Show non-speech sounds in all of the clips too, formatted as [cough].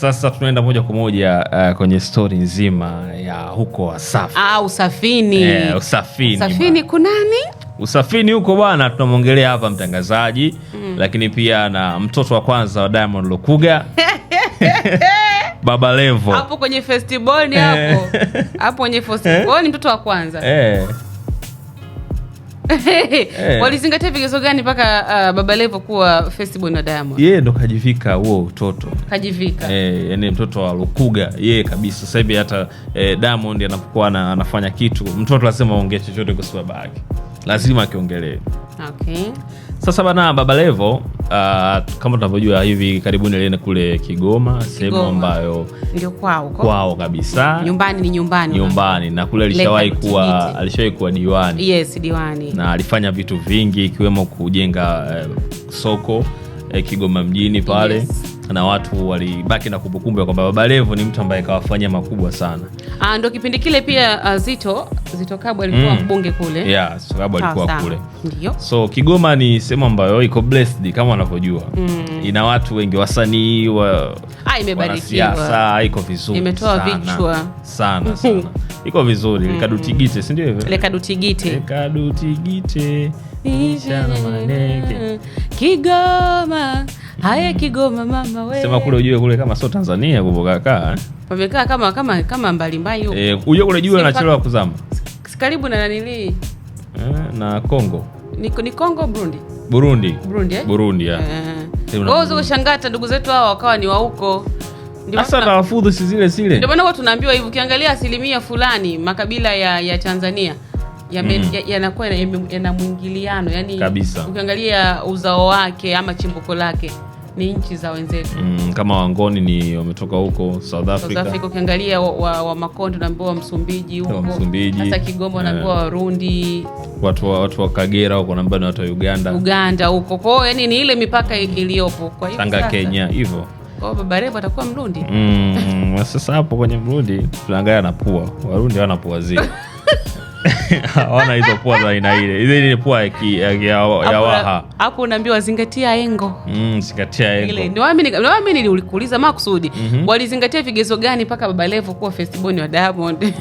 Sasa tunaenda moja kwa moja uh, kwenye stori nzima ya huko Wasafi. Ah, usafini. Eh, usafini. Usafini kunani? Usafini huko bwana, tunamwongelea hapa mm. mtangazaji mm, lakini pia na mtoto wa kwanza wa Diamond Lukuga [laughs] Baba Levo hapo kwenye ni hapo [laughs] hapo kwenye ni mtoto wa kwanza eh. Eh. [laughs] Walizingatia vigezo gani mpaka uh, Baba Levo kuwa firstborn na Diamond? Yeye ndo kajivika huo utoto, kajivika eh, yani mtoto wa Lukuga yeye kabisa. Sasa hivi hata eh, Diamond anapokuwa anafanya kitu, mtoto lazima aongee chochote kwa sababu yake, lazima akiongelee. Okay, sasa bana Baba Levo uh, kama tunavyojua hivi karibuni alienda kule Kigoma, sehemu ambayo ndio kwao kwao kabisa, nyumbani ni nyumbani, nyumbani na kule alishawahi kuwa alishawahi kuwa diwani. Yes, diwani na alifanya vitu vingi ikiwemo kujenga uh, soko uh, Kigoma mjini pale yes na watu walibaki na kumbukumbu ya kwamba Babalevo ni mtu ambaye kawafanyia makubwa sana. Ah, ndo kipindi kile pia uh, Zito Zito Kabwe alikuwa mm. mbunge kule. Yeah, Zito Kabwe alikuwa kule. Ndio. So Kigoma ni sehemu ambayo iko blessed kama wanavyojua. Mm. Ina watu wengi wasanii wa ah, imebarikiwa. sana, iko vizuri. Imetoa vichwa sana sana. sana. [laughs] Iko vizuri, mm. Lekadutigite, si ndio hivyo? Lekadutigite. Lekadutigite. Nisha na maneke. Kigoma Haya Kigoma mama wewe. Sema kule ujue kule kama sio Tanzania kuvokakaa. Eh? Wamekaa kama kama kama mbalimbali huko. Eh, ujue kule jua anachelewa kuzama. Karibu na nanili. Eh, na Kongo. Ni, ni Kongo Burundi. Burundi. Burundi eh? Burundi ya. Eh. Wao zao shangata ndugu zetu hao wakawa ni wa huko. Sasa na wafudhi si zile zile. Ndio maana tunaambiwa hivi ukiangalia asilimia fulani makabila ya ya Tanzania mm. yanakuwa ya, ya yana mwingiliano yani, ukiangalia uzao wake ama chimbuko lake ni nchi za wenzetu mm, kama Wangoni ni wametoka huko South Africa. South Africa ukiangalia wa, wa unaambiwa Msumbiji huko, hasa Kigoma unaambiwa eh. Warundi, watu wa, watu wa Kagera huko unaambiwa ni watu wa Uganda, Uganda huko kwao, yani ni ile mipaka iliyopo kwa hiyo Tanga, Kenya hivyo kwao Baba atakuwa Mrundi mm, [laughs] sasa hapo kwenye Mrundi tunaangalia na pua Warundi wana pua zile [laughs] [laughs] hawana hizo pua za aina ile. Ile ni pua ya waha. Hapo unaambiwa zingatia engo. Mm, zingatia engo. Ile ndio mimi ndio mimi nilikuuliza makusudi. Mm -hmm. Walizingatia vigezo gani mpaka Baba Levo kuwa festiboni wa Diamond?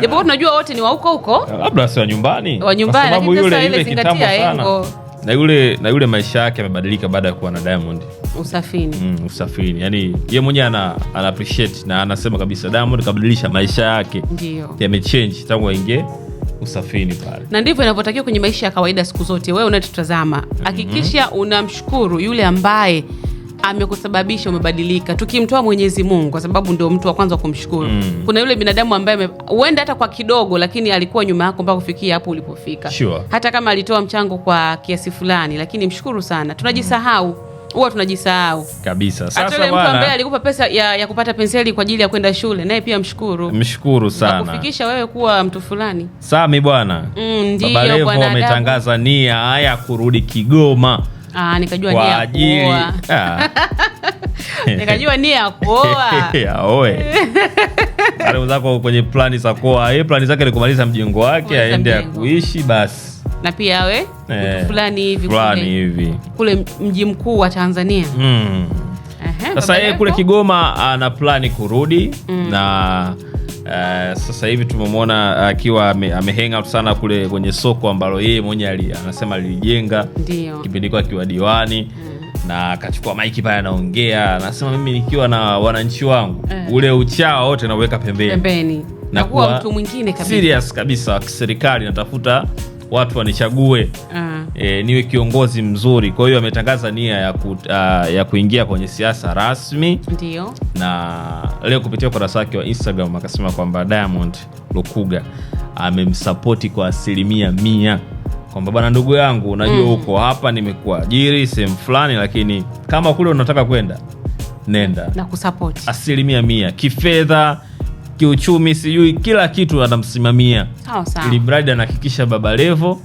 Japokuwa tunajua wote ni wa huko huko. Labda si wa nyumbani. Wa nyumbani lakini sasa ile zingatia engo. Na yule na yule maisha yake yamebadilika baada ya kuwa na Diamond usafini mm, usafini yani ye mwenyewe ana, ana appreciate na anasema kabisa Diamond kabadilisha maisha yake ndio yamechange tangu aingie usafini pale, na ndivyo inavyotakiwa kwenye maisha ya kawaida siku zote. Wewe unatutazama, mhm. hakikisha mm -hmm. unamshukuru yule ambaye amekusababisha umebadilika, tukimtoa Mwenyezi Mungu, kwa sababu ndio mtu wa kwanza kumshukuru mm. Kuna yule binadamu ambaye huenda hata kwa kidogo, lakini alikuwa nyuma yako mpaka kufikia hapo ulipofika sure. Hata kama alitoa mchango kwa kiasi fulani, lakini mshukuru sana, tunajisahau mm huwa tunajisahau kabisa. Sasa bwana, mtu ambaye alikupa pesa ya, ya kupata penseli kwa ajili ya kwenda shule, naye pia mshukuru, mshukuru sana kufikisha wewe kuwa mtu fulani. Sami bwana mm, Baba Levo ametangaza nia ya kurudi Kigoma. Aa, ah, nikajua nia ya ah. [laughs] nikajua nia ya kuoa aoe [laughs] [laughs] zako kwenye plani za kuoa, yeye eh, plani zake ni kumaliza mjengo wake aende akuishi basi na pia awe eh, fulani hivi kule, kule mji mkuu wa Tanzania mm. sasa yeye kule Kigoma ana plani kurudi mm. na Uh, sasa hivi tumemwona akiwa uh, amehang out sana kule kwenye soko ambalo yeye mwenyewe anasema alilijenga kipindi kwa akiwa diwani mm. na akachukua maiki pale anaongea, anasema mimi nikiwa na wananchi wangu mm. ule uchao wote nauweka pembeni, pembeni. Na kuwa mtu mwingine kabisa serious kabisa, serikali natafuta watu wanichague mm. e, niwe kiongozi mzuri. Kwa hiyo ametangaza nia ya, ku, uh, ya kuingia kwenye siasa rasmi. Ndiyo. na leo kupitia ukurasa wake wa Instagram akasema kwamba Diamond Lukuga amemsapoti kwa asilimia mia kwamba bwana, ndugu yangu, unajua huko mm. hapa nimekuajiri sehemu fulani, lakini kama kule unataka kwenda nenda na kusapoti asilimia mia kifedha kiuchumi, sijui kila kitu anamsimamia, mradi anahakikisha Baba Levo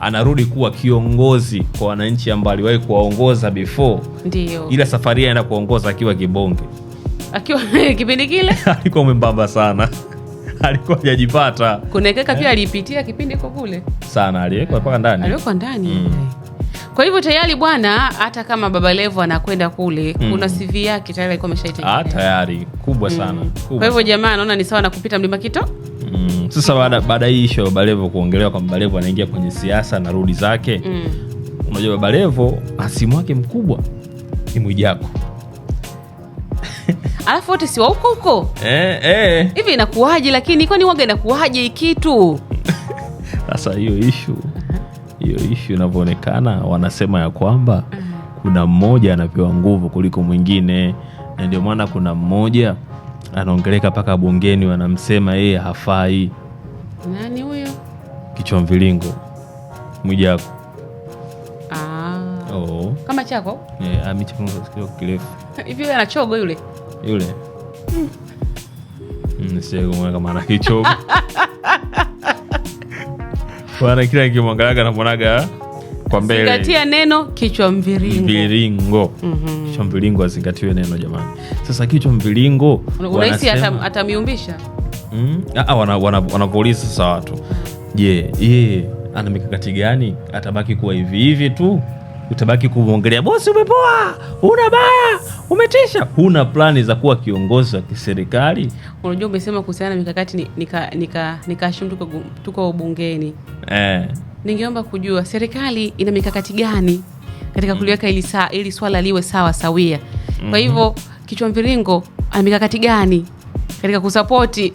anarudi kuwa kiongozi kwa wananchi ambao aliwahi kuwaongoza before. Ndio, ila safari anaenda kuongoza akiwa kibonge, [laughs] akiwa [laughs] kipindi kile [laughs] alikuwa mwembamba sana alikuwa hajajipata. kaka pia eh? alipitia kipindi kule sana, aliwekwa mpaka ndani, aliwekwa ndani mm. Kwa hivyo tayari bwana, hata kama Baba Levo anakwenda kule mm. kuna CV yake tayari alikuwa ameshaitengeneza ah, tayari, kubwa hmm. sana mm. kubwa. Kwa hivyo jamaa, naona ni sawa na kupita mlima Kito mm. Sasa baada baada hii isho Baba Levo kuongelewa kwa Baba Levo anaingia kwenye siasa na rudi zake mm. Unajua Baba Levo wake mkubwa ni mwijako [laughs] alafu wote si wa huko eh, eh. Hivi inakuwaje lakini, kwani waga inakuwaje hii kitu [laughs] sasa? hiyo ishu hiyo ishu inavyoonekana, wanasema ya kwamba kuna mmoja anapewa nguvu kuliko mwingine, na ndio maana kuna mmoja anaongeleka mpaka bungeni, wanamsema yeye hafai. Nani huyo? Kichwa mvilingo Mwijaku. Ah. Oh. Kama chako? Yeah, eh, kirefu [laughs] hivi yule anachogo yule yule, mm. mm, sijawahi kama ana kichogo [laughs] Bwana kila nikimwangalaga namwonaga kwa mbele. Zingatia neno kichwa mviringo. Mviringo. Mm -hmm. Kichwa mviringo azingatiwe neno jamani. Sasa kichwa mviringo unahisi atamiumbisha? Mm, ah, sasa watu. Je, yeah, yeah, ana mikakati gani? Atabaki kuwa hivi hivi tu? utabaki kumwongelea bosi, umepoa, una baya, umetisha, huna plani za kuwa kiongozi wa kiserikali. Unajua, umesema kuhusiana na mikakati, nikaashumu nika, nika tuko bungeni eh. Ningeomba kujua serikali ina mikakati gani katika kuliweka ili, ili swala liwe sawa sawia. Kwa mhm. hivyo kichwa mviringo ana mikakati gani katika kusapoti?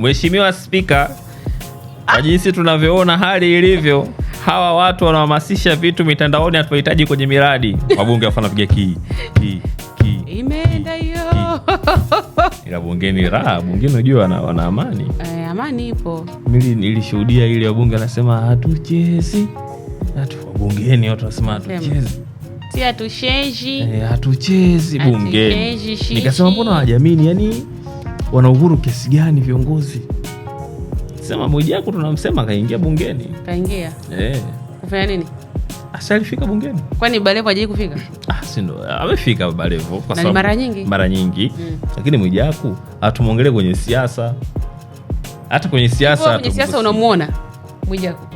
Mheshimiwa Spika, kwa jinsi tunavyoona hali ilivyo hawa watu wanahamasisha vitu mitandaoni hatuwahitaji kwenye miradi. Wabunge wafana piga ki ki ki, imeenda hiyo [laughs] ila bungeni raha bungeni, unajua wana, amani eh, amani ipo. Mimi nilishuhudia ile wabunge anasema hatuchezi hatu bungeni, watu wanasema hatuchezi hatuchezi e, eh, hatuchezi bungeni. Nikasema mbona wajamini, yani wana uhuru kiasi gani viongozi sema Mwijaku tunamsema kaingia bungeni. Kaingia eh, kufanya nini? Asalifika bungeni. Kwani Balevo ajai kufika? [clears throat] Ah, si ndo amefika Balevo kwa sababu mara nyingi, mara nyingi mm. Lakini Mwijaku hatumwongelee ah, kwenye siasa, hata kwenye siasa, kwenye siasa unamuona Mwijaku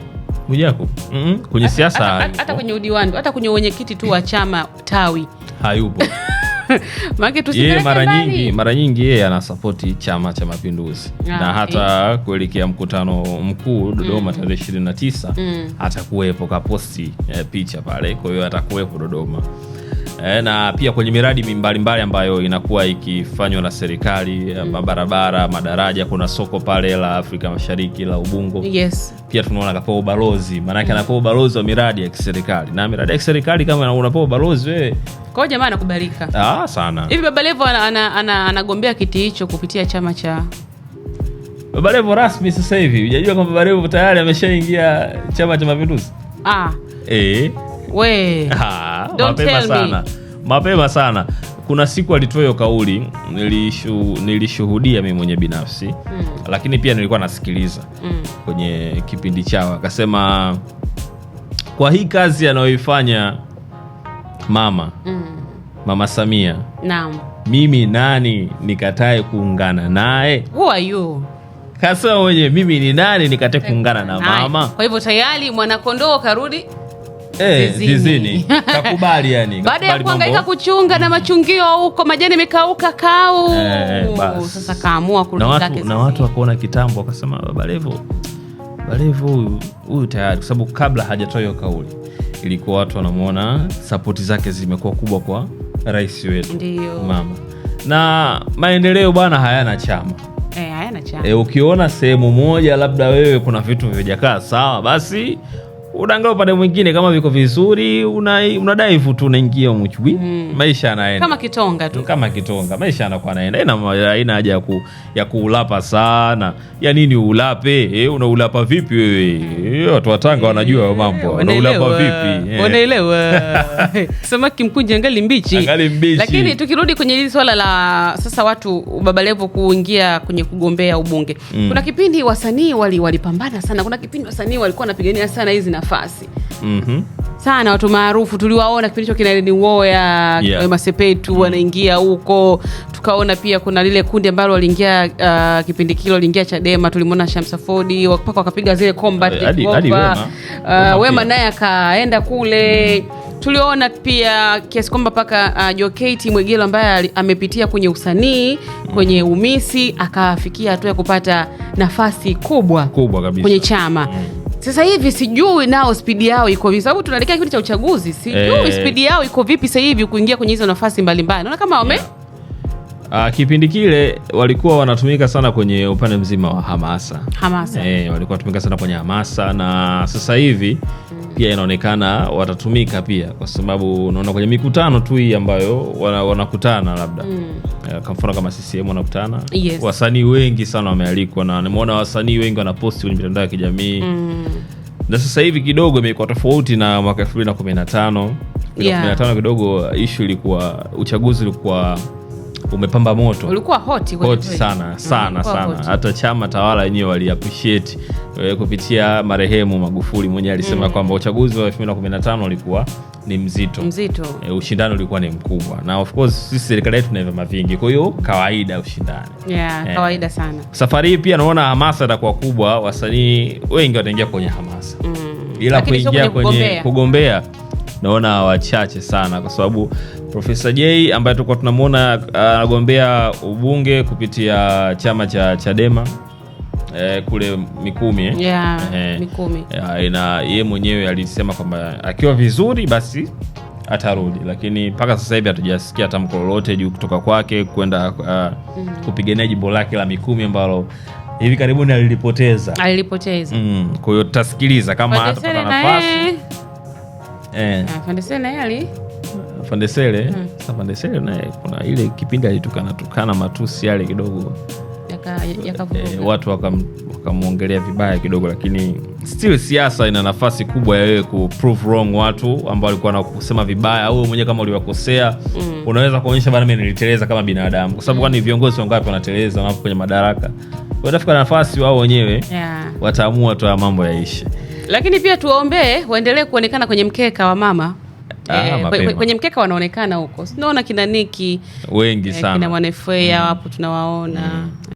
Mwijaku mm -hmm. kwenye siasa, hata kwenye udiwani, hata kwenye wenyekiti tu wa chama tawi hayupo. [laughs] [laughs] yeah, mara nyingi mara nyingi yeye anasapoti Chama cha Mapinduzi ah, na eh. hata eh, kuelekea mkutano mkuu Dodoma mm, tarehe 29 mm, atakuwepo kaposti eh, picha pale, kwa hiyo atakuwepo Dodoma e, na pia kwenye miradi mbalimbali mbali ambayo inakuwa ikifanywa na serikali eh, mm. mabarabara, madaraja. Kuna soko pale la Afrika Mashariki la Ubungo yes. Pia tunaona kapewa ubalozi, maanake mm. ubalozi wa miradi ya kiserikali na miradi ya kiserikali kama unapewa ubalozi wewe kwa jamaa anakubalika ah, sana hivi. Baba Levo anagombea ana, ana, ana kiti hicho kupitia chama cha Baba Levo rasmi sasa hivi. Hujajua kwamba Baba Levo tayari ameshaingia Chama cha Mapinduzi ah. e we ha, ah, mapema sana me. mapema sana kuna siku alitoa hiyo kauli nilishu, nilishuhudia mi mwenye binafsi mm. lakini pia nilikuwa nasikiliza mm. kwenye kipindi chao akasema kwa hii kazi anayoifanya mama mm. mama samia Naam. mimi nani nikatae kuungana naye kasema mwenyewe mimi ni nani nikatae kuungana na mama kwa hivyo tayari mwanakondoo karudi Eh, [laughs] yani. Baada ya kuangaika kuchunga na machungio huko majani mekauka kau. Eh, eh, sasa kaamua Na watu wakuona kitambo wakasema Baba balevo huyu tayari kwa sababu kabla hajatoa hiyo kauli ilikuwa watu wanamuona sapoti zake zimekuwa kubwa kwa rais wetu. Mama. Na maendeleo bwana hayana chama. E, hayana chama. E, ukiona sehemu moja labda wewe kuna vitu vijakaa sawa basi unaangalia upande mwingine, kama viko vizuri unadai una tu unaingia mchwi mm. maisha yanaenda kama kitonga tu, kama kitonga maisha yanakuwa yanaenda, ina haina haja ya, ku, ya kuulapa sana ya nini ulape e, unaulapa vipi wewe hmm. eh, watu wa Tanga wanajua hayo eh, mambo, unaulapa vipi? Unaelewa [laughs] samaki mkunje angali mbichi, angali mbichi. Lakini tukirudi kwenye hili swala la sasa watu Baba Levo kuingia kwenye kugombea ubunge mm. kuna kipindi wasanii wali walipambana sana, kuna kipindi wasanii walikuwa wanapigania sana hizi na nafasi mm -hmm. sana watu maarufu tuliwaona kipindi cho kina Woya yeah. Masepetu mm -hmm. wanaingia huko, tukaona pia kuna lile kundi ambalo waliingia uh, kipindi kilo waliingia Chadema, tulimwona shamsafodi mpaka wakapiga zile combat uh, Wema naye akaenda kule mm -hmm tuliona pia kiasi kwamba mpaka uh, Jokate Mwegelo ambaye amepitia kwenye usanii mhm. kwenye umisi akafikia hatua ya kupata nafasi kubwa kubwa kwenye chama mm. Sasa hivi sijui nao spidi yao iko vipi, sababu tunaelekea kipindi cha uchaguzi, sijui eh, spidi yao iko vipi sasa hivi kuingia kwenye hizo nafasi mbalimbali, naona kama wame yeah. Uh, kipindi kile walikuwa wanatumika sana kwenye upande mzima wa hamasa, hamasa. E, walikuwa wanatumika sana kwenye hamasa na sasa hivi pia inaonekana watatumika pia, kwa sababu unaona kwenye mikutano tu hii ambayo wanakutana wana labda mm. Eh, kwa mfano kama CCM wanakutana yes. Wasanii wengi sana wamealikwa na nimeona wasanii wengi wanaposti kwenye mitandao ya kijamii mm. Na sasa hivi kidogo imekuwa tofauti na mwaka elfu mbili na kumi na tano yeah. kidogo ishu ilikuwa uchaguzi ulikuwa umepamba moto, ulikuwa sana mm, sana sana. Hata chama tawala wenyewe wali appreciate eh, kupitia marehemu Magufuli mwenyewe alisema mm. kwamba uchaguzi wa 2015 ulikuwa ni mzito, mzito. E, ushindani ulikuwa ni mkubwa na of course sisi serikali yetu na vyama vingi, kwa hiyo kawaida ushindani yeah, e, kawaida sana. Safari hii pia naona hamasa itakuwa kubwa, wasanii wengi wataingia kwenye hamasa mm. ila kuingia kwenye kugombea, kugombea naona wachache sana kwa sababu Profesa Jay ambaye tulikuwa tunamwona anagombea uh, ubunge kupitia chama cha Chadema eh, kule Mikumi eh? Yeah, eh, Mikumi. Eh, na yeye mwenyewe alisema kwamba akiwa vizuri basi atarudi, lakini mpaka sasa hivi hatujasikia tamko lolote juu kutoka kwake kwenda uh, mm. kupigania jimbo lake la Mikumi ambalo hivi karibuni alilipoteza alilipoteza. Mm, kwa hiyo tutasikiliza kama atapata nafasi eh. Ah, Eh, Fandesele mm. Sasa Fandesele naye kuna ile kipindi alitukana tukana matusi yale kidogo yaka, yaka e, eh, watu wakamwongelea waka vibaya kidogo, lakini still siasa ina nafasi kubwa ya wewe ku prove wrong watu ambao walikuwa nakusema vibaya au mwenyewe kama uliwakosea mm. unaweza kuonyesha bana, mimi niliteleza kama binadamu, kwa sababu kwani viongozi wangapi wanateleza wanapo kwenye madaraka, watafika nafasi wao wenyewe yeah. wataamua tu mambo yaishi, lakini pia tuwaombee waendelee kuonekana kwenye mkeka wa mama Ah, eh, kwenye mkeka wanaonekana huko, sinaona kina Niki wengi eh, sana, kina Mwanefea wapo mm. tunawaona mm.